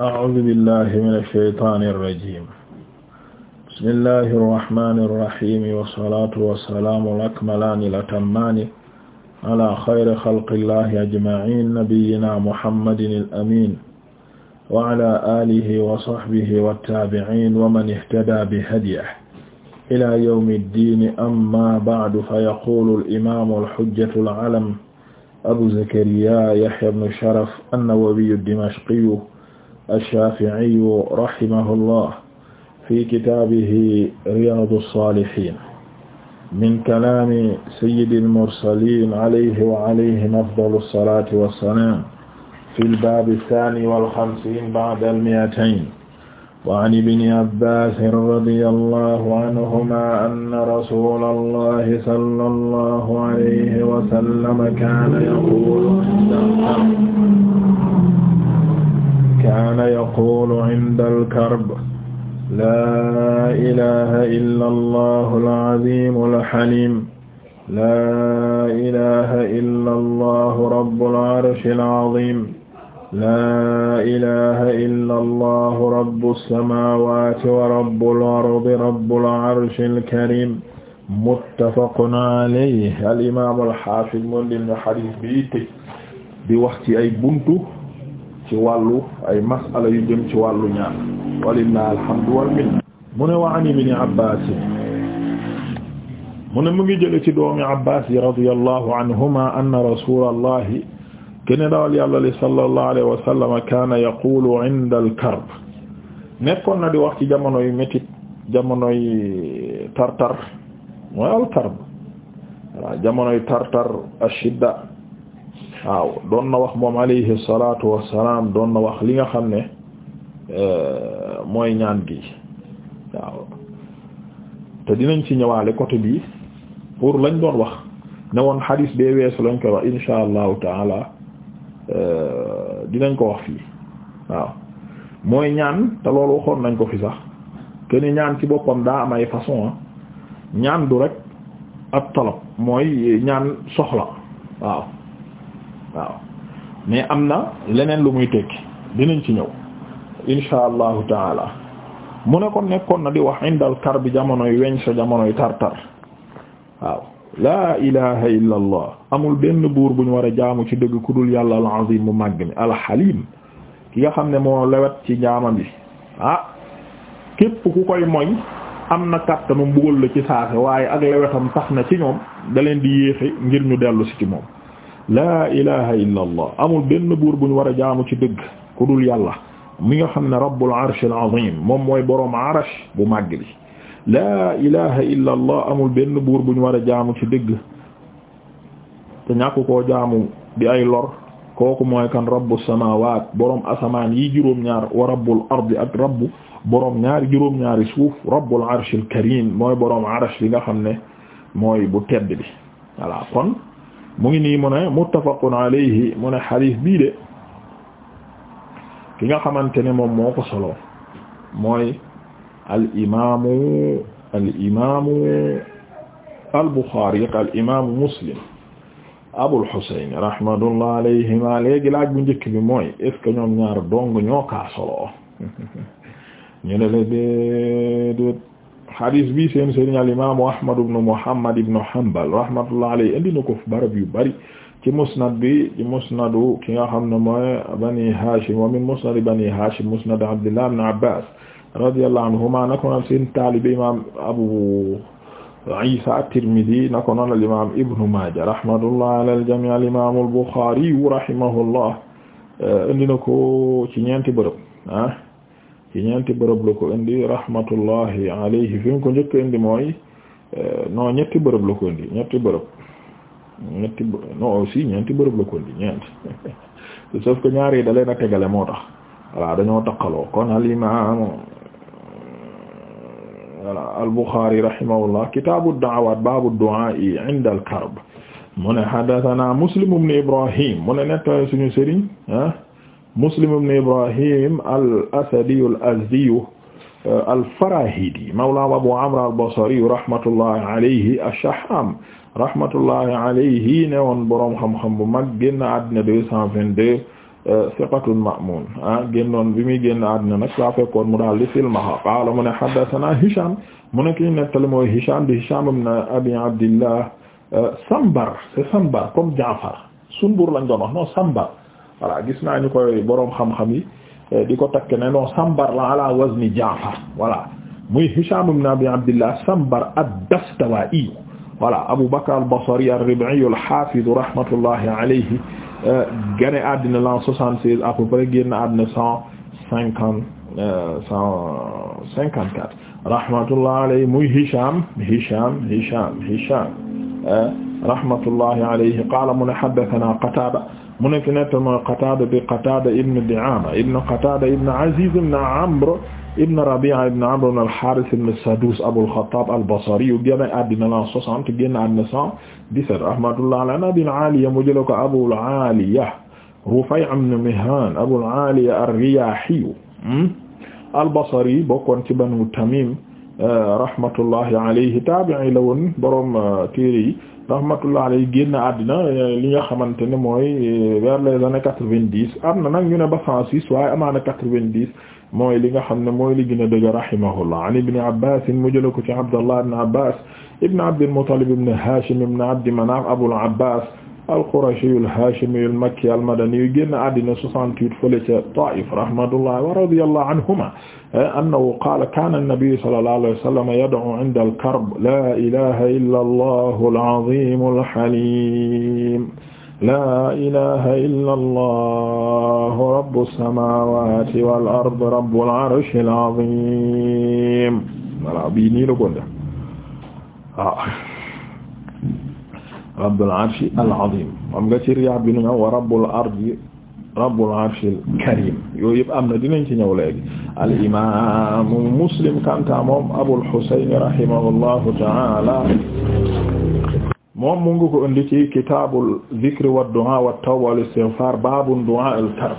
أعوذ بالله من الشيطان الرجيم بسم الله الرحمن الرحيم والصلاة والسلام الأكملان الأتمان على خير خلق الله أجمعين نبينا محمد الأمين وعلى آله وصحبه والتابعين ومن اهتدى بهديه إلى يوم الدين أما بعد فيقول الإمام الحجة العلم أبو زكريا يحيى بن شرف النووي الدمشقي ash-Shaafi'i rahimahullah fi kitaabihi Riyaadu s-Saalihiin min kalaami sayyidil mursaliin alayhi wa alayhim afdalu s-salaati wa s-salaam fil baabi s-saani wal xamsiin ba'da l-mi'atayn wa 'an ibni Abbaasin radiyallaahu 'anhumaa anna rasuulallaahi sallallaahu alayhi wa sallam kaana yaquulu inda al-karb laa ilaha illa allahu al-azimu al-halim laa ilaha illa allahu rabbul arshil azim laa ilaha illa allahu rabbus samawati wa rabbul ardi rabbul arshil karim muttafaqun alayhi al imam al hafiz moom lim na hadith bi tëj di wax ci ay buntu ci wàllu ay masala yu jëm ci wàllu ñaan walillahi alhamdu wal minna mu ne wa an ibni abbas mu ne mu ngi jële ci doomi abbas yi radiyallahu anhuma anna rasulallahi kene dawal yàlla li sallallahu alayhi wa sallam kaana di wax ci jamonoy métit jamonoy tartar mooy al karb waaw doon na wax moom alayhi salatu wassalam doon na wax li nga xam ne euh, mooy ñaan gi waaw te dinañ ci ñëwaale côté bii pour lañ doon wax ne woon xadiis bee weesu lañ koy wax insha allahu taala euh, dinañ ko wax fii waaw mooy ñaan te loolu waxoon nañ ko fi sax que ñaan ci boppam daa am ay façon ah. ñaan du rek ab talab mooy ñaan soxla waaw waaw mais am na leneen lu muy tekki dinañ ci ñëw insha allah taala mu ne ko nekkoon na di wax indal kar bi jamonoy weñ sa jamonoy tartar waaw laa ilaha illa allah amul benn buur bu ñu war a jaamu ci dëgg ku dul yàlla al azim mu màgg mi alxalim ki nga xam ne moo lewet ci jaamam bi ah képp ku koy moy am na kàttanu mbugal la ci saase waaye ak lewetam tax na ci ñoom da leen di yéexe ngir ñu dellu si ci moom laa ilaha illa amul benn buur bu ñu war a jaamu ci dëgg ku dul yàlla mi nga xam ne rabbul arsh al moom mooy boroom arsh bu màgg bi laa ilaha illa amul benn buur bu ñu war a jaamu ci dëgg te ñàkk ko jaamu di ay lor kooku mooy kan rabbu samawat boroom asamaan yi juróom-ñaar wa rabbul ardi ak rabbu boroom ñaari juróom-ñaari suuf rabbul arshil mooy boroom arsh bi nga xam ne mooy bu tedd bi voilà kon mu ngi nii mu ne muttafaqun alayhi bii de ki nga xamante ne moom moo ko solo mooy al imaamu al imaamu al Buxaari ak al imaamu Muslim Abul Husayn rahmatullah alayhima léegi laaj bu njëkk bi mooy est que ñoom ñaar dong ñoo kaa ñu ne la déedéet hadis bi seen sëriñ al imaamu Ahmad ibn Muhammad ibn Hanbal rahmatullah alayhi indi na ko barab yu bari ci musnad bi ci musnadu ki nga xam ne mooy bani Hashim wa min musnad bani Hashim musnad Abdullah ibn Abbas radiyallahu anhuma na ko noon seen taalibe imaam Abu Isa at-Tirmidhi na ko noon al imaam Ibn Majah rahmatullah ala al-jami' al imaam al-Bukhari rahimahullah indi na ko ci ñeenti bërëb ah ci ñeenti bërëb la ko indi rahmatullahi alayhi fi ko njëkk indi mooy eh, non ñetti bërëb la ko indi ñetti bërëb ñetti non la ko indi ñeenti sauf que ñaar yi da leen a tegale moo tax voilà dañoo taqaloo kon al imam voilà al Bukhari rahimahullah kitaabu da'awaat baabu du'a inda al karb mu ne Muslim ibn Ibrahim mu netta suñu sëriñ ah Muslim ibn Ibrahim al-Asadi al-Azdi euh, al-Farahidi mawla Abu Amr al-Basri rahmatullahi alayhi ash-Shahham rahmatullahi alayhi ne woon boroom xam-xam bu mag génn àddina deux cent vingt-deux siqatun euh, ma'mun ah génnoon bi muy génn àddina nag laa fekkoon mu daal di silmaxa qaala mu ne haddathana Hisham mu ne ki ñu nettali mooy Hisham di Hisham ibn Abi Abdillah euh, Sambar c'est Sambar comme Jaafar Sunbur lañ doon wax non Sambar voilà gis naa ñu koy boroom xam-xam yi eh, di ko takk ne non sambar la ala wazni Jaafar voilà muy Hisham ibn Abi Abdillah sambar ad-Dastuwaa'i voilà Abu Bakr al-Basri ar-Rib'i al-Hafiz rahmatullahi alayhi eh, gane àddina l'an soixante-seize à peu près génn àddina cent cinquante eh, cent cinquante-quatre rahmatullahi alayhi muy Hisham Hisham Hisham Hisham rahmatullahi alayhi qala mu ne haddathana Qatada mu nekk nettal mooy Qatada bi Qatada ibn Di'ama ibn Qatada ibn Aziz ibn Amr ibn Rabi'a ibn Amr ibn al-Harith ibn Sadus Abul Khattab al-Basri yu génn àddina la 60 génn àddina 117 rahmatullah alayhi Abul Aliya mu jël ko Abul Aliya Rufay' ibn Mihan Abul Aliya ar-Riyahi hmm, al-Basri bokkoon ci Banu Tamim rahmatullahi alayhi tabi'i la woon borom téere yi rahmatullah alayhi génn àddina euh, li nga xamante ne mooy euh, vers les années quatre vingt am na nag ñu ne ba cent six waaye amaana quatre vingt mooy li nga xam ne mooy li gën a dëgg rahimahullah an ibni abbas mu jële ko ci abdallah ibne abbas ibne abdilmutalib ibne hashim ibne abdi manaf abul abbas al-Qurashiyu al-Haashimiyu al-Makkiyu al-Madaniyu génn àddina 68 fële ca Taa'if rahmatullahi wa radiyallahu anhuma annahu qaala kaana an-nabiyyu sallallahu alayhi wa sallam yad'u 'inda al-karb laa ilaaha illa Allahu al-'aziimu al-haliim laa ilaaha illa Allahu rabbu as-samaawaati wal-ardi rabbu al-'arshi al-'aziim voilà bii nii la ko def waaw ah. rabbul arshi al azim xam nga ci riyaab bi nu ñëw wa rabbul ardi rabbul arshil karim yooyu yëpp am na dinañ ci ñëw léegi al imaamu muslim kanta moom abul husayn rahimahullahu taala moom mu ngi ko indi ci kitaabul zikri wa du'a wa tawba wal istighfar baabu du'a al karb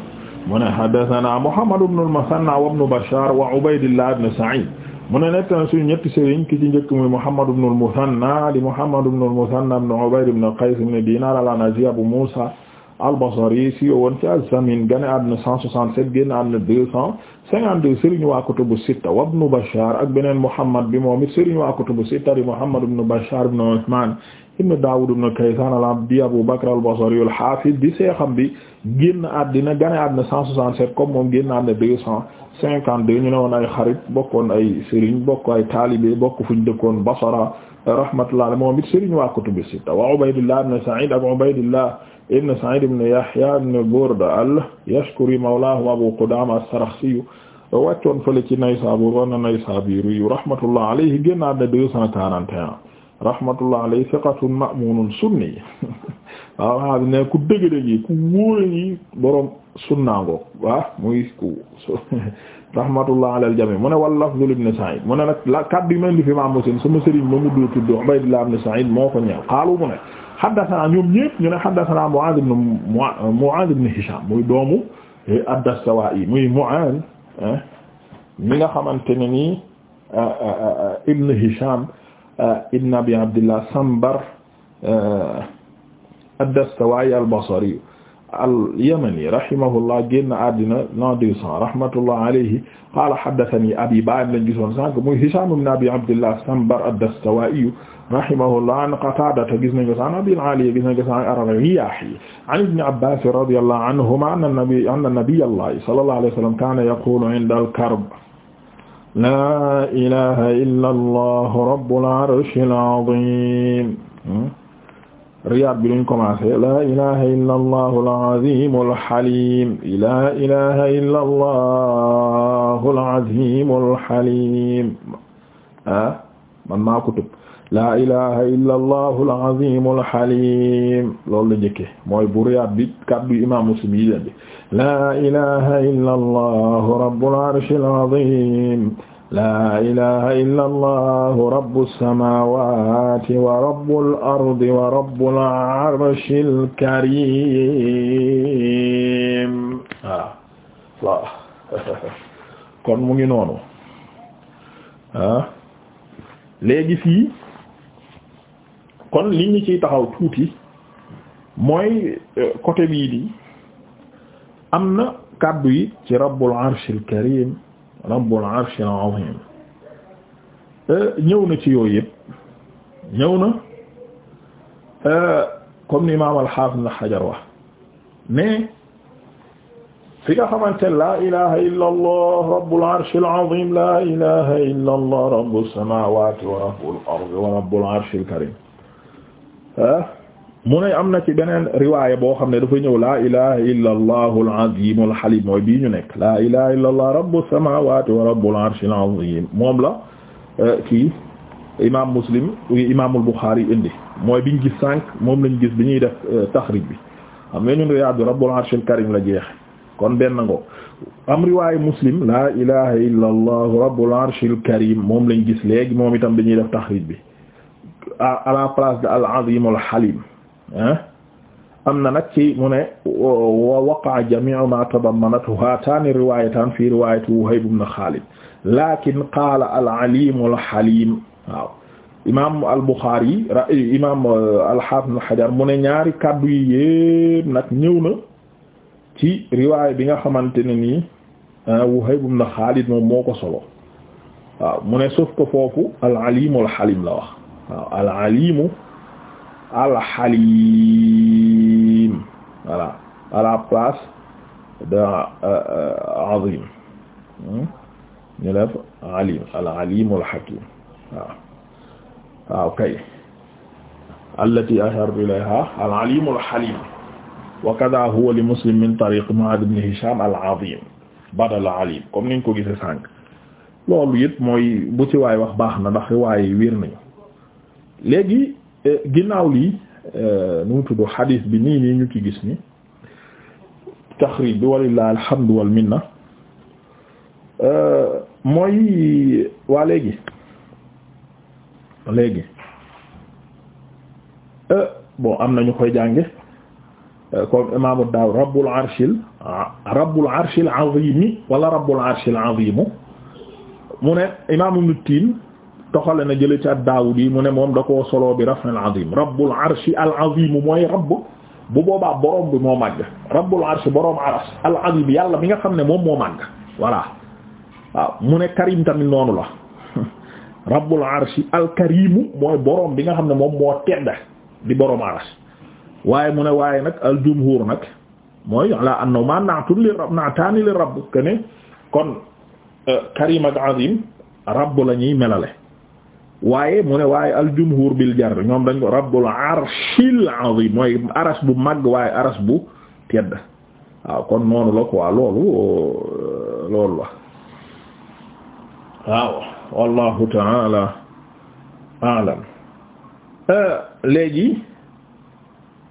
mu ne haddathana muhammad ibn al musanna wa ibn bashar wa ubaydillah ibn sa'id mu ne nett na suñu ñetti sëriñ ki ci njëkk muy Muhammad ibn al-Muthanna di Muhammad ibn al-Muthanna ibn Ubayd ibn Qays ibn Dinar al-Anazi Abu Musa al-Basri si woon ci az-Zamin gane àdduna 167 génn àdduna 200 52 Serigne waa kutubu Sitta wa Ibn Bashar ak beneen Muhammad bi moom it Serigne waa kutubu Sitta di Muhammad ibn Bashar ibn Uthman ibn Dawud ibn Kaysan al Abu Bakr al-Basri al-Hafiz di seexam bi génn àddina gane àddina 167 moom génn àddina 252 ñu ne woon ay xarit bokkoon ay Serigne bokk ay taalibe bokk fuñ dëkkoon Basra rahmatullah moom it Serigne waa kutubu Sitta wa Ubaydullah ibn Sa'id ak Ubaydullah ibn Sa'id ibn Yahya ibn Burda al-Yashkuri mawlahum Abu Qudama as-Sarakhsi wàccoon fële ci Naysabur wa Naysabur yu rahmatullah alayhi génnaat na deux cent quarante et rahmatullah alayhi thiqatun ma'munun sunni waaw xaa ne ku dëgg-dëgg borom sunnaango waaw muy ku rahmatullah alal jami mu ne wal lafzu ibn Sa'id mu ne nag la kaddu ma indi fi ma Muslim sama sëriñ ma mu doo tudd Ubaydullah ibn Sa'id moo ko ñëw xaalu mu haddathana ñoom ñépp ñu ne haddathana Mu'aaz ibn Mu'aaz ibn Hishaam muy doomu eh, ad-Dastawaa'i muy Mu'aaz eh, mi nga xamante ne nii eh, ibn Hishaam ibn Abi Abdillah Sambar ad-Dastawaa'i al-Basri al-Yamani rahimahullah génn àddina l'an deux cents rahmatullah alayhi qaala haddathani abi baan lañ gisoon sànq muy Hishaam ibn Abi Abdillah Sambar ad-Dastawaa'i rahimahullah an qatadata gis nañ ko sa an abil ali gis nañ ko sa an riyahi an ibni abbas radiyallahu anhuma anna nabi anna nabiyallahi sallallahu alayhi wa sallam kana yaqulu inda al-karb la ilaha illa allah rabbul arshil azim Riyad bi luñ commencé la ilaha illa allahul azimul halim la ilaha illa allahul azimul halim ah man maa ko tëb laa ilaha illa allahu al-azimu al-halim loolu la njëkke mooy buriyaat bi kàddu imam muslim yi den bi laa ilaha illa allahu rabbul arshil azim laa ilaha illa allahu rabbus samawati wa rabbul ardi wa rabbul arshil karim waaw kon mu ngi noonu ah léegi fii kon li ñu ciy taxaw tuuti mooy euh, côté bii di am na kàddu yi ci rabbul arshil karim rabbul arshil azim euh, ñëw na ci yooyu yëpp ñëw na euh, comme ni imaam al-Hafiz Ibn Hajar wax mais fi nga xamante la ilaha illa allah rabbul arshil azim la ilaha illa allah rabbus samawati wa rabbul ardi wa rabbul arshil karim mu ne am na ci beneen riwaaya boo xam ne dafay ñëw laa ilaha illa allahu al-azim al-halim mooy bii ñu nekk laa ilaha illa allah rabbus samawati wa rabbul arshil azim moom la euh, kii imam muslim imaamul buxaari indi mooy biñ gis sànq moom lañ gis bi ñuy def euh, taxrij bi xam nga ñun riwaaya bi rabbul arshil karim la jeex kon benn ngoo am riwaaya muslim laa ilaha illa allahu rabbul arshil karim moom lañ gis léegi moom itam bi ñuy def taxrij bi à la place de al azim al halim ah am na nag ci mu ne wa waqa'a jami'u ma tadammanathu haatani riwayatan fi riwayati Wuhayb ibn Khalid lakin qaala al alim al halim waaw imam al Bukhari imam euh, al hafiz ibn Hajar mu ne ñaari kaddu yi yépp nag ñëw na ci riwaay bi nga xamante ne nii euh, Wuhayb ibn Khalid moom moo ko solo waaw mu ne sauf que foofu al alim al halim la wax waaw alalimu alxalim voilà à la place de euh, euh, azim hmm? ñu def alim alalimu alxakim waaw waaw kay allati ashartu ilayha alalimu alxalim wa kada huwa li muslim min tariq ma'ad ibn hisham alazim badal alim comme niñ ko gise sànq loolu yëpp mooy bu ci waay wax baax na ndax waaye wér nañu léegi euh, ginnaaw lii euh, nu mu tudd xadiis bi nii nii ñu ci gis ni taxrib bi walilah alhamdu wal minna euh, mooy waa léegi léegi bon am na ñu koy jànge comme imaamu daaw rabbul arshil rabbul arshil azimi wala rabbul arshil mu ne imaamu nutiin toxale na jële ci ad-Daawudi mu ne moom da koo solo bi raf'il azim rabbul arshi al azim mooy rabb bu boobaa borom bi moo màgg rabbul al azim yàlla mi nga xam ne moom moo màgg voilà waaw mu ne karim tamit noonu la rabbul arshi al karimu mooy borom bi nga xam ne moom moo tedd di borom arsh waaye mu ne waaye nag al jumhur nag mooy ala annahu ma naatun li rabb naataani rabb kon euh, karim ak azim rabb la ñuy melale. waaye mu ne waaye aljumhur bil jar ñoom dañ ko rabbul arshil azim mooy aras bu mag waaye aras bu tedd waaw kon noonu la ko quoi loolu loolu la waaw wallahu taala alam léegi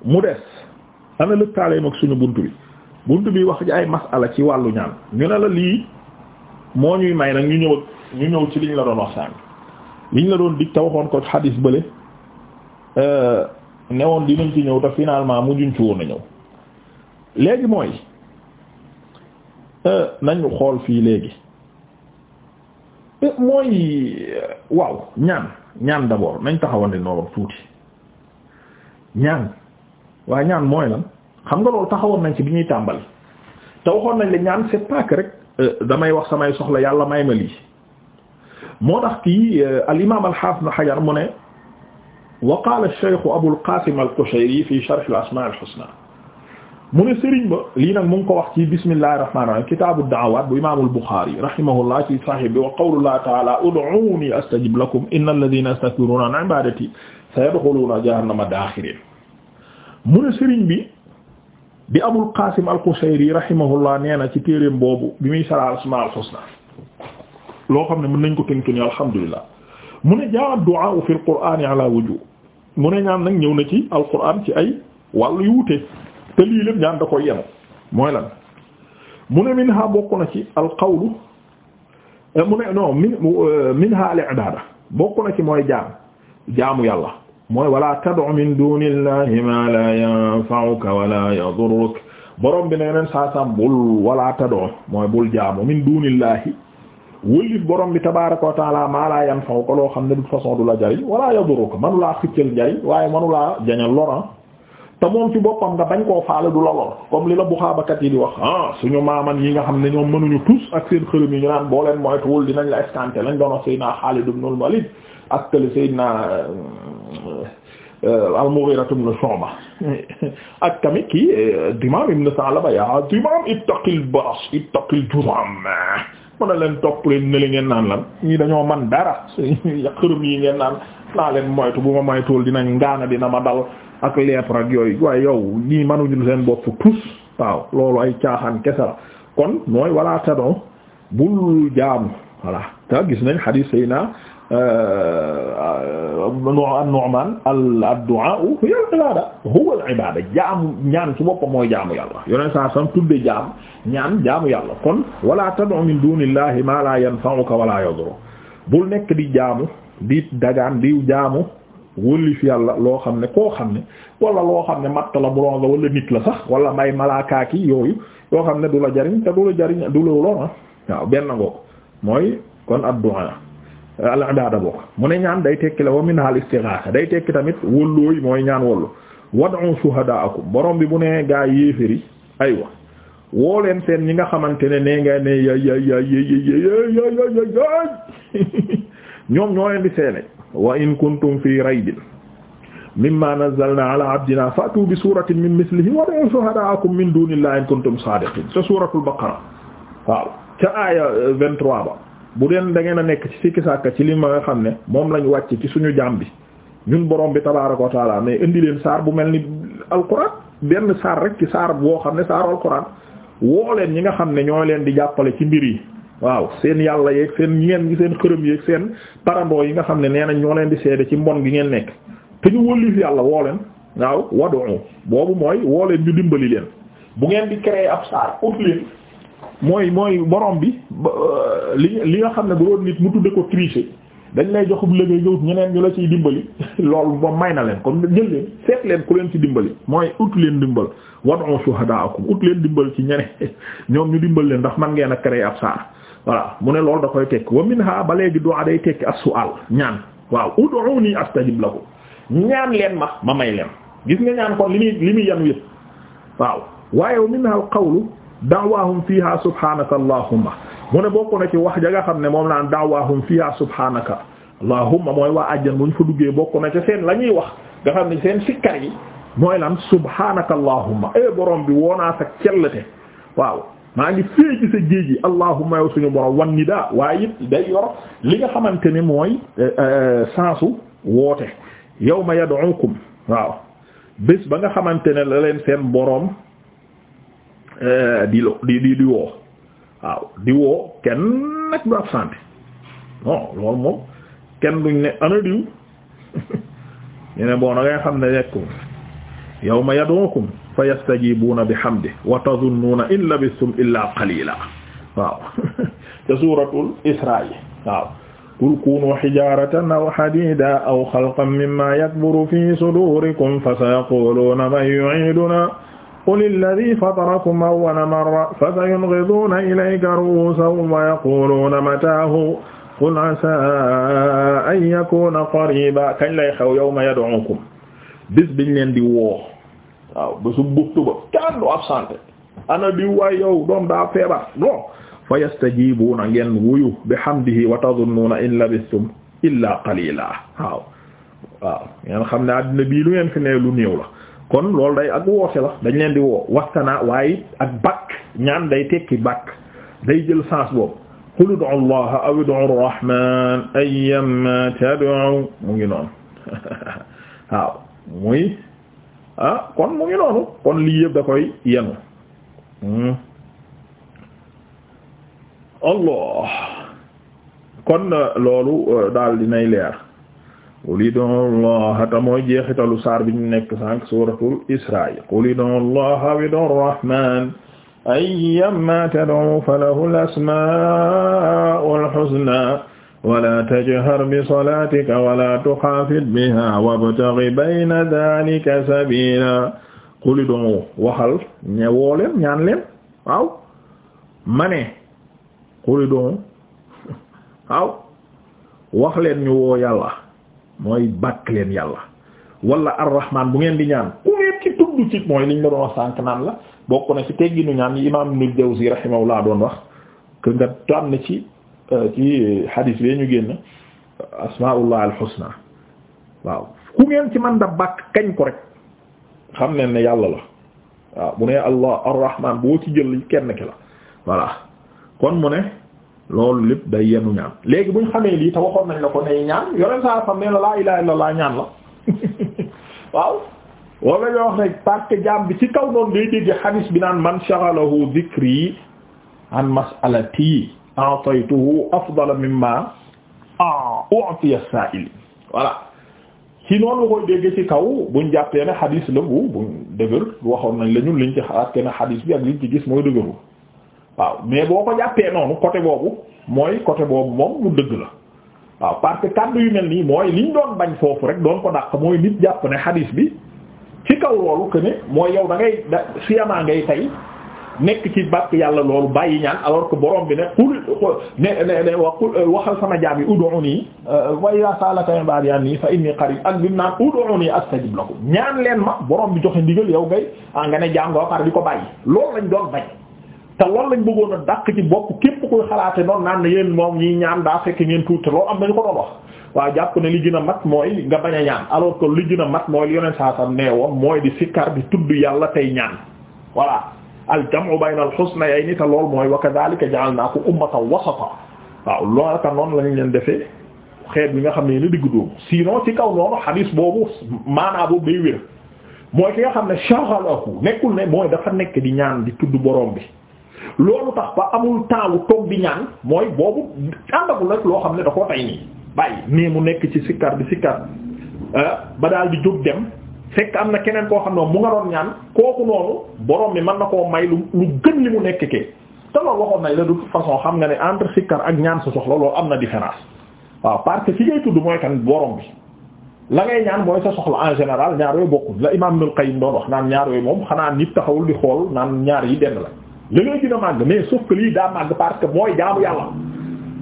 mu des ana lëkkaaleem ak suñu bunt bi bunt bi wax ci ay masala ci wàllu ñaan ñu ne la lii moo ñuy may nag ñu ñëw ñu ñëw ci liñ la doon wax sànq liñ la doon dig te waxoon ko xadis bële euh, newoon dinañ ci ñëw te mu juñ ci woon a ñëw léegi mooy euh, nañu xool fii léegi euh, mooy waaw ñaan ñaan d'abord nañ taxawandi noonu tuuti ñaan waaye ñaan mooy lan xam nga loolu taxawoon nañ ci bi ñuy tàmbali te waxoon nañ la ñaan c'est pas rek damay wax samay soxla yàlla may ma lii moo tax kii euh, al imaam al haafiz ibn Hajar mu ne wa qaala ash-shaykh Abul Qaasim al-Qushayri fi sharh al-asmaa' al-husnaa mu ne Serigne ba lii nag mu ngi ko wax ci bismillahir rahmaanir rahiim kitaabu ad-da'awaat bu imaamul Buxaari rahimahullah ci Sahih bi wa qawlullahi ta'aala ud'uunii astajib lakum innal laziina yastakbiruuna an ibaadatii sayadxuluuna jahannama daaxiriin mu ne Serigne bi di Abul Qaasim al-Qushayri rahimahullah nee na ci téereem boobu bi muy sharh al-asmaa' al-husnaa loo xam ne mën nañ ko tënk ni alhamdulilah mu ne jaa du'a fi alqur'ani ala wujuh mu ne ñaan nag ñëw na ci alqur'an ci ay wàllu yu wute te lii mooy lan mu ne minha bokk na ci alqawlu mu ne non min minha al ibada bokk na ci mooy jaam jaamu yàlla mooy wala tad'u min dunillahi ma la yanfa'uka wala yadurruk borom bi ne yeneen sam bul wala tad'u mooy bul jaamu min dunillahi wëllif borom bi tabaaraka wa maa laa yan faw ko loo xam ne de toute façon du la jariñ wala yaduruka manulaa xëccal jariñ waaye manulaa jañal loran ah. te moom ci boppam nga bañ koo faale du la lor comme li la buxaabakat yi di wax ah suñu maaman yi nga xam ne ñoom mënuñu tus ak seen xërëm yi ñu naan boo leen moytuwul dinañ la escanté lañ doon wax Seydina Xaalid ibnul Walid ak tële Seydina euh, euh, al-Mughira ibn Shu'ba ak tamit kii euh, Dimaam ibn Sa'laba yaa Dimaam ittaqil baras mën a leen topp leen ne ngeen naan lan ñii dañoo man dara suñuy xërëm yi ngeen naan naa leen moytu bu ma moytuwul dinañ ngaana dina ma dal ak lépp rek yooyu waaye yow ñii mënuñu seen bopp tous waaw loolu ay caaxaan kese la kon mooy wala tadon bul jaamu voilà te gis nañ hadith sayna an-Nu'man euh, euh, euh, ad-du'a huwa al-ibada huwa al-ibada jaamu ñaan ci boppam mooy jaamu yàlla yoneen saa sam tudde jaam ñaan jaamu yàlla kon wala tad'u min dunillahi ma la yanfa'uka wala yadurru bul nekk di jaamu di dagaan di jaamu wëlif yàlla loo xam ne koo xam ne wala loo xam ne matt la bronze wala nit la sax wala may malaakaaki yooyu yoo xam ne du la jariñ te du la jariñ du la lor ah. waaw benn ngoog mooy kon ad-du'a al ibaada bokk mu ne ñaan day tekki la wa minha al istighatha day tekki tamit wóllooy mooy ñaan wóllu wad'u shuhadaakum borom bi bu ne gaa yéeféri aywa woo leen seen ñi nga xamante ne nee nga ne ya ya ya ñoom ñoo leen di seede wa in kuntum fi raybin mimma nazzalna ala abdina fa'tu bi suratin min mislihi wad'u shuhadaakum min dunillahi in kuntum sadiqin ca suratul baqara waaw ca aaya 23 ba bu deen da ngeen a nekk ci sikki sàkka ci li ma nga xam ne moom lañu wàcc ci suñu jaam bi ñun borom bi tabaaraka wa taala mais indi leen saar bu mel ni alquran benn saar rek ci saar boo xam ne saar alquran woo leen ñi nga xam ne ñoo leen di jàppale ci mbir yi waaw seen yàlla yeeg seen ñi ngeen seen xërëm yeeg seen parandoo yi nga xam ne nee nañ ñoo leen di seede ci mbon gi ngeen nekk te ñu wëlif yàlla woo leen waaw wadu boobu mooy woo leen ñu dimbali leen mooy mooy borom bi euh, li li nga xam ne bu doon nit mu tudde ko tricher dañ lay joxub liggéey nga wut ñeneen ñu la ciy dimbali loolu moom may na leen kon jël leen seet leen ku leen ci dimbali mooy ut leen dimbal wad'u shuhada'akum ut leen dimbal ci ñeneen ñoom ñu dimbal leen ndax man ngeen a créer ab saar voilà mu ne loolu da koy tekki wa minha ba léegi du'a day tekki su sual ñaan waaw ud'uni astajib lakum ñaan leen ma ma may leen gis nga ñaan kon li muy li muy yan yëpp waaw waaye wa minha al da'waahum fiihaa subhaanaka allahumma mu ne bokk na ci wax ja nga xam ne moom naan da'waahum fiihaa subhaanaka allahumma mooy waa àjjan bu ñu fa duggee bokk na ca seen la ñuy wax nga xam ne seen sikkar yi mooy lan subhaanaka allahumma e eh, boroom bi woonaa sa cellate waaw maa ngi fee ci sa géej yi allahumma yow suñu borom wan ni daa waaye it day yor li nga xamante ni mooy eh, eh, saasu woote yawma yad'ukum waaw bés ba nga xamante ne la leen seen boroom Eh, di lo di di di woo waaw di woo kenn nag du absenté non loolu moom kenn duñ ne ana diw ñu ne bon da ngay xam ne nekkum yawma yad'ukum fa yastajibuuna bi hamdi wa tadhunnuuna in labistum illa qalila waaw ca suuratul isra yi waaw qul kuunu hijaaratan aw hadiida aw xalqan mimma yakburu fi sudurikum fa sayaquluuna man yu'iiduna qul alladhi fatarakum awwala marra fasayunghiduna ilayka ru'usahum wa yaquluna mataahu qul asaa an yakuna qariba kañ lay xew yawma yad'ukum bis biñ leen di woo waaw bésu buftu ba kenn du absenté ana di waay yow doom daa feebar non fa yastajibuuna ngeen wuyu bihamdihi wa tadunnuuna in labistum illa qalila waaw waaw ngeen xam ne àddina bii lu ngeen fi ne lu néew la kon loolu day ak woote la dañ leen di woo wastanaa waaye ak bakk ñaan day tekki bakk day jël sens boobu qul ud'u aw ud'u arrahman ayyama mu ngi noonu waaw muy ah kon mu ngi noonu kon lii yëpp da koy yenu hmm. allah kon euh, loolu euh, daal dinay leer qul ud'u allaha te mooy jeexitalu saar bi ñu nekk sànq suuratul israa qul ud'u allaha aw ud'u arrahmaan ayyammaa tad'uu falahul asmaa'ul husnaa wala tajhar bi salaatika wala tuxaafid bihaa wabtaghi bayna dhaalika sabiilaa qul ud'u waxal ñe woo leen ñaan leen waaw ma ne qul ud'u waaw wax leen ñu woo yàlla mooy bàkk leen yàlla wala arrahman bu ngeen di ñaan ku ngeen ci tudd ci mooy liñ la doon wax naan la bokk na ci tegginu ñaan yi imam Ibnul Jawzi rahimahullah doon wax que nga ci euh, ci hadis bee ñu génn asmaullah ku ngeen ci man da bàkk kañ ko rek xam ne ne yàlla la waaw bu ne allah arrahman boo ci jël kenn ki la voilà kon mu ne loolu lépp day yenu ñaan léegi buñ xamee lii te waxoon nañ la ko ne ñaan yoneen saa xam ne la laa ilaha illallah ñaan la waaw wala ñoo wax ne parce que jaam bi ci kaw noonu day dégg hadis bi naan man shaghalahu dhikri an mas'alati a'taytuhu afdala mimma u'tiya as-sa'il voilà ci noonu koy dégg ci kaw buñ jàppee ne hadis la bu buñ dëgër waxoon nañ la ñun liñ ci xalaat kenn hadis bi ak liñ ci gis mooy dëgëru waaw mais boo ko jàppee noonu côté boobu mooy côté boobu moom mu dëgg la waaw parce que kàddu yu mel nii mooy liñ doon bañ foofu rek doon ko dàq mooy nit jàpp ne xadiis bi ci kaw loolu que ne mooy yow da ngay siyamaa ngay tey nekk ci bàkk yàlla loolu bàyyi ñaan alors que borom bi ne xul ne ne ne waxal sama jaam yi ud'uni wa idha sa'alaka ibadi anni fa inni qarib ak bi naan ud'uni astajib lakum ñaan leen ma borom bi joxe ndigal yow ngay ah nga ne par di ko bàyyi loolu lañ doon bañ. te loolu lañ bëggoon a dàq ci bopp képp koy xalaate noonu naan na moom ñi ñaan daa fekk ngeen tuuti loolu am nañu ko doon wax waaw jàpp ne li gën a mat mooy nga bañ a ñaan alors que li gën a mat mooy li yoneen saa sam nee mooy di sikkar di tudd yàlla tey ñaan voilà al jam'u bayna al husnayni te loolu mooy wa kadhalika ja'alnakum ummatan wasata waaw loolu ka noonu lañ leen defee xeet bi nga xam ne yéen a diggu dóomu sinon ci kaw noonu hadis boobu maanaa boobu day nga xam ne shaghalahu nekkul ne mooy dafa nekk di ñaan di tudd borom bi loolu tax ba amul temps wu toog bi ñaan mooy boobu àndagul rek loo xam ne da ko tay nii bàyyi nii mu nekk ci sikkar bi sikkar ah, ba daal di jóg dem fekk am na keneen koo xam ne mu nga doon ñaan kooku noonu borom bi mën na koo may lu lu gën li mu nekk kee te loolu waxoon nañ la de façon xam nga ne entre sikkar ak ñaan sa soxla loolu am na différence waaw parce que fi ngay tudd mooy kan borom bi la ngay ñaan mooy sa soxla en général ñaar yooyu bokkul la imam Ibnul Qayyim doon wax naan xanaa nit taxawul di xool naan ñaar yi la la ngay gën a màgg mais sauf que lii màgg parce que mooy jaamu yàlla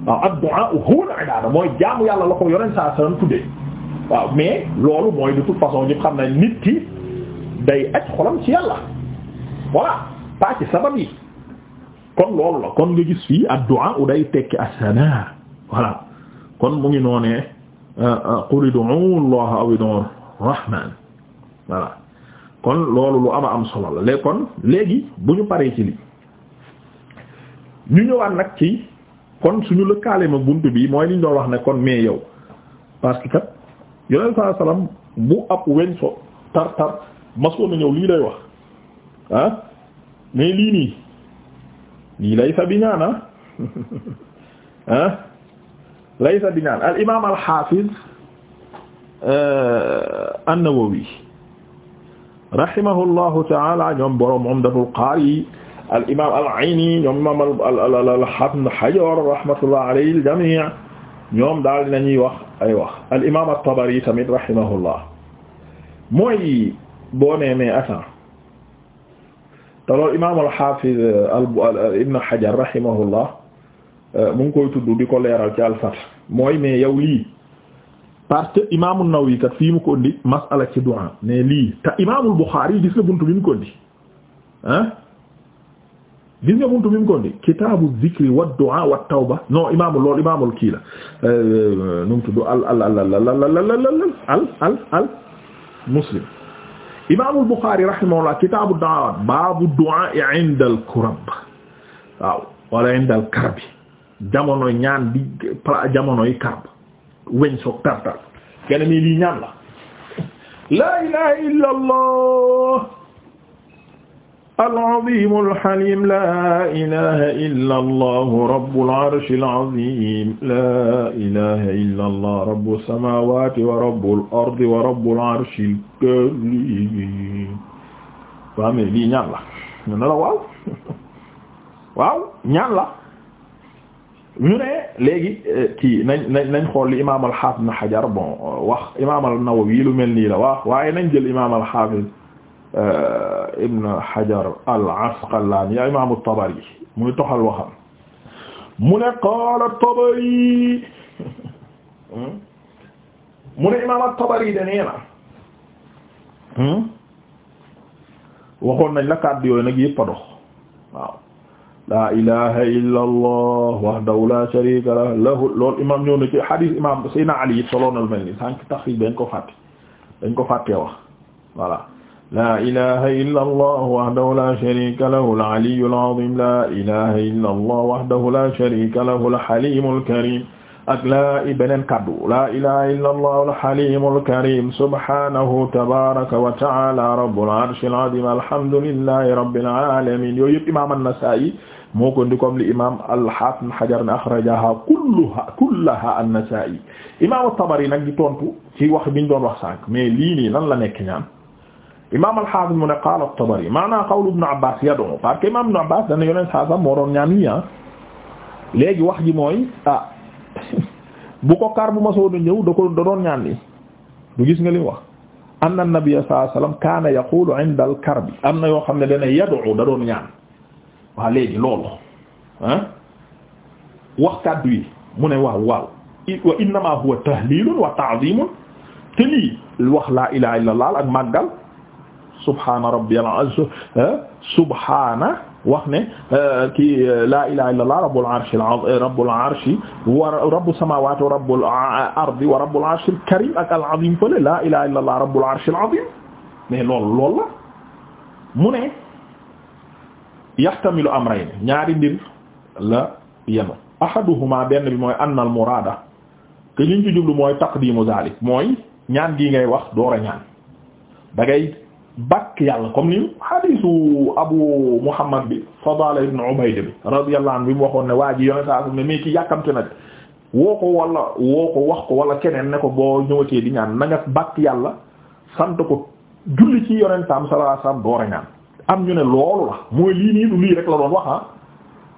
waaw ad-du'a huwa al mooy jaamu yàlla la ko yoneen saa salaam tuddee waaw mais loolu mooy de toute façon ñëpp xam na nit ki day aj xolam kon loolu la kon nga gis fii ad-du'a u day tekki as-sana kon mu ngi noonee euh, euh, qul ud'u allaha aw ud'u rahman voilà kon loolu lu ama am solo la léegi kon léegi bu ñu paree ci lii ñu ñëwaat nag ci kon suñu lëkkaale ma buntu bi mooy liñ doon wax ne kon mais yow parce que kat yonent saa salaam bu ab weñ so tar tar masoon na ñëw lii lay wax ah mais lii nii lii lay sa bi ñaan ah, ah lay sa bi ñaan al imaam al xaafiz euh, an-Nawawi rahimahullahu taala ñoom borom Umdatul Qaari al imaam al ayni ñoom imaam al al al al al jamii ñoom daal dinañuy wax ay wax al imaam tabari tamit rahimahullah mooy boo nee mais attends te loolu al haafiz al ibn Hajar rahimahullah euh, mu ngi koy leeral ci al Fath mooy mais yow lii parce que imaam an-Nawawi kat fii mu ko indi masala ci du'a lii te imaamul Bukhari gis nga buntu bi mu ko gis nga buntu mi mu ko di kitaabu zikri wa du'a wa tawba non imaamul lool imaamul kii la nu mu tudd al al al al al al muslim imaamul buxaari rahimahullah kitaabu da'awaat baabu du'a inda al kurab waaw al karbi jamono karb weñ soog tartar kenn mi lii la. la ilaha illallah. al-aziim al-haliim laa ilaaha illa allah rabbul arshil aziim laa ilaaha illa allah rabbus samaawaati wa rabbul ardi wa rabbul arshil kariim waaw mais lii ñaan la ñu ne la waaw waaw ñaan la ñu ne léegi euh, kii nañ nañ nañ xool li imaam al-Haafiz Ibn Hajar bon euh, wax imaam an-Nawawi lu mel nii la waaw waaye nañ jël imaam al-Haafiz Euh, Ibn Hajar al-Asqalani ya imam at-Tabari muy toxal waxam mu ne qaala at-Tabari hmm? mu ne imam at-Tabari de nee na hmm? waxoon nañ la kàddu yooyu nag yëpp a dox waaw la ilaha illa allah wahdahu la sharika lah lahu loolu imam ñëw na ci hadith imam Seydina Ali it soloonal mel ni sànq taxrij dañ ko fàtte dañ ko fàttee wax voilà laa ilaha illa allah wahdahu la sharika lahu al-aliyyul azim laa ilaha illa allah wahdahu la sharika lahu al-halimul karim ak laa beneen kaddu laa ilaha illa allah al-halimul karim subhanahu tabaraka wa ta'ala rabbul arshil azim alhamdulillahi rabbil alamin yooyu yëpp imam an-Nasa'i moo ko ndi comme li imam al-Hafiz Hajar ne akhrajaha kulluha kullaha an-Nasa'i imam at-Tabari nag di tontu ci wax biñ doon wax sànq mais lii nii lan la nekk ñaan imaam al-Hafiz mu ne qaala at-Tabari maanaa qawlu Ibn Abbas yad'u parce que imaam Ibn Abbas dana yoneen saa sax moo doon ñaan wi ah. léegi wax ji mooy ah bu ko kar bu ma soo doon ñëw da ko da doon ñaan lii du gis nga li wax anna an-nabiyya sallallahu alayhi wasallam kaana yaqulu 'inda al-karbi am na yoo xam ne dana yad'u da doon ñaan waaw léegi loolu ah wax kàddu yi mu ne waaw waaw wa innamaa huwa tahliilun wa ta'ziimun te lii wax laa ilaaha illallaah ak màggal subhaana rabbiyal azza subhaana wax ne kii laa ilaaha illallah rabbul arshi rabbul arshi wa rabbus samaawaati wa rabbul ardi wa rabbul arshil kariim ak al azim fële laa ilaaha illallah rabbul arshil azim mais loolu loolu la mu ne yaxtamilu amrayn ñaari mbir la yenu ahaduhuma benn bi mooy anna al muraada te liñ ci jublu mooy taqdimu zalik mooy ñaan gi ngay wax door a ñaan da ngay bakk yàlla comme ni hadisu abu muhammad bi fadala ibn ubayd bi radiyallahu bi mu waxoon ne waa ji yone saa ne mii ki yàkkamte nag woo ko wala woo ko wax ko wala keneen ne ko boo ñëwatee di ñaan na nga yàlla sant ko julli ci yonentaam sallallahu alayhi wasallam door ñaan am ñu ne loolu la mooy lii nii du lii rek la doon wax ah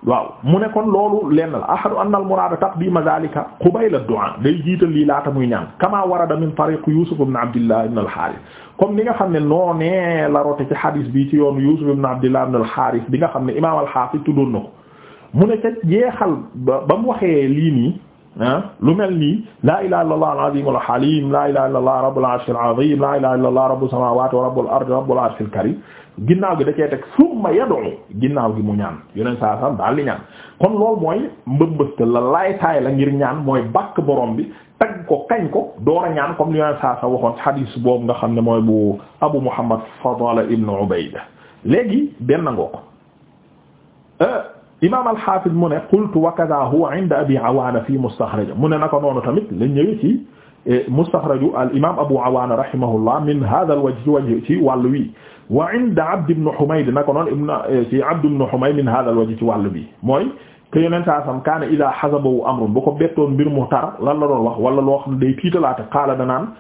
waaw mu ne kon loolu lenn la ahadu anna al muraada taqdiima zaalika qubayla du'aa day jiital lii laata muy ñaan kamaa warada min tariq Yuusuf ibn Abdillah ibn al-Haaris comme ni nga xam ne noonee la rote ci xadis bi ci yoonu Yuusuf ibn Abdillah ibn al-Haaris bi nga xam ne imaam al-Haafiz tuddoon na mu ne ca jeexal ba ba mu waxee lii nii ah lu mel nii laa ilaaha illallaah al-aziim al-haliim laa ilaaha illallaah rabbul arshil aziim laa ilaaha illallaah rabbus samaawaati wa rabbul ardi ginnaaw gi da cee teg summa yad'u ginnaaw gi mu ñaan yeneen saa saam daal li ñaan kon loolu mooy mbëmbëstal la laay taay la ngir ñaan mooy bàkk borom bi tagg ko kañ ko door a ñaan comme li yeneen saa sa waxoon xadiis boobu nga xam ne mooy bu Abu Muhammad Fadala ibn Ubayd léegi benn ngoo ko euh, imaam al-Hafiz mu ne qultu wa kadha huwa 'inda Abi Awaana fi mustaxraja mu ne naka noonu tamit la ñëwee ci euh, mustaxraju al imaam Abu Awaana rahimahullah min hadha al wajh ci wàllu wi wa inda Abd ibn Humayd na ko noonu eh, ci Abd ibn Humayd min hadha al-wajh ci wàll bi mooy te yeneen saa sam kaana idaa hasabahu amrun bu ko bettoon mbir mu tar lan la doon wax wala loo xam ne day tiitalaate qaala danaan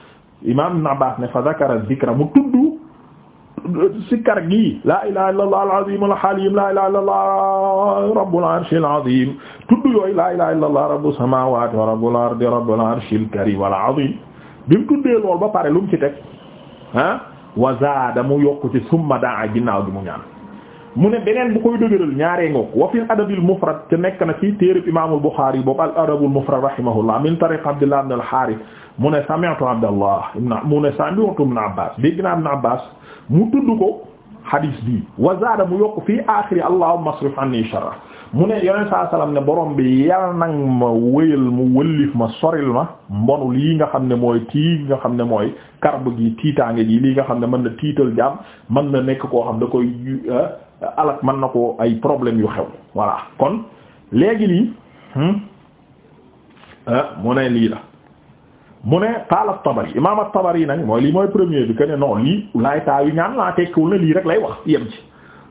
imaam Ibn Abbaas ne fa zakara zikra mu tudd eh, sikkar gi laa ilaha illa allah al-azim al-halim laa ilaha illa allah rabbul arshil azim tudd yooyu laa ilaha illa allah rabbus samawati wa rabbul ardi rabbul arshil karim wal azim bi mu tuddee lool ba pare lu mu ci teg ah wa zaada mu yokk ci summa daa ginnaaw gi mu ñaan mu ne beneen bu koy dëgëral ñaaree ngoog wa fil adabil mufrad te nekk na ci téereb imaamul Buxaari yi boobu al adabul mufrad rahimahullah min tariq Abdullah ibn al-Harith mu ne sami'tu Abdullah mu ne sami'tu ibn Abbas dégg mu tudd ko hadis bi wa zaada mu yokk fii aaxiri allahumma asrif anni sharra mu ne yonent saa salaam ne borom bi yal nag ma wëyal mu wëllif ma soril ma mbonu lii nga xam ne mooy tii nga xam ne mooy karb gi tiitaange gi lii nga xam ne mën na tiital jaam mën na nekk koo xam da koy eh, alak mën na ko ay problème yu xew voilà kon léegi lii hmm? eh, mu ne lii la mu ne qaala at-Tabari imaam at-Tabari nag mooy lii mooy premier bi que ne non lii laay taa yu ñaan laa tekkiwul ne lii rek lay wax yem ci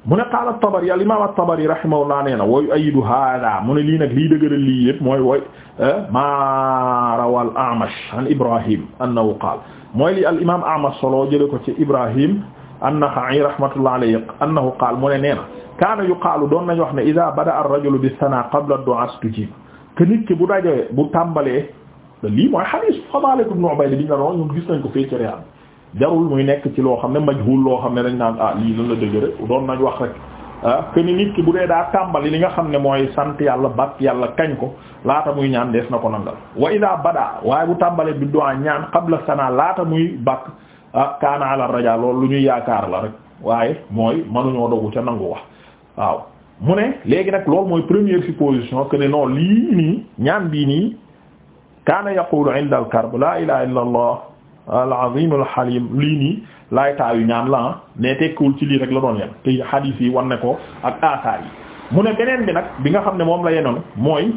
mu ne qaala at-Tabari al-imaam at-Tabari rahimahullah nee na wa yu'ayyidu haadaa mu ne lii nag lii dëgëral lii yëpp mooy woy eh, maa rawaa al-A'mash an Ibrahim annahu qaala mooy lii al-imaam A'mash solo jëlee ko ci Ibrahim an-Nakha'i rahmatullah alayhi annahu qaala mu ne nee na kaana yuqaalu doon nañu wax ne idaa bada'a ar-rajulu bis-sanaa qabla ad-du'aa istujiiba que nit ki bu dajee bu tàmbalee te lii mooy xadiis Fadaalatu ibn Ubayd bi ñu la doon ñun gis nañ ko fii ci Riyaad jarul muy nekk ci loo xam ne majhul loo xam ne dañ naan ah lii lan la dëgg rek doon nañ wax rek ah ni nit ki bu dee daa tàmbali li nga xam ne mooy sant yàlla bat yàlla kañ ko laata muy ñaan des na ko nangal wa idaa badaa waaye bu tàmbalee bi du'a ñaan la sana laata muy bakk ah kaana ala raja loolu lu ñuy yaakaar la rek waaye mooy mënuñoo dogu ca nangu wax waaw mu ne léegi kaana yaqulu inda al karb la ilaha illa allah al azim al halim lii nii laay taayu ñaan la ah mais tekkiwul ci lii rek la doon yen te hadith yi wan ne ko ak asaar yi mu ne beneen bi nag bi nga xam ne moom la yenoon mooy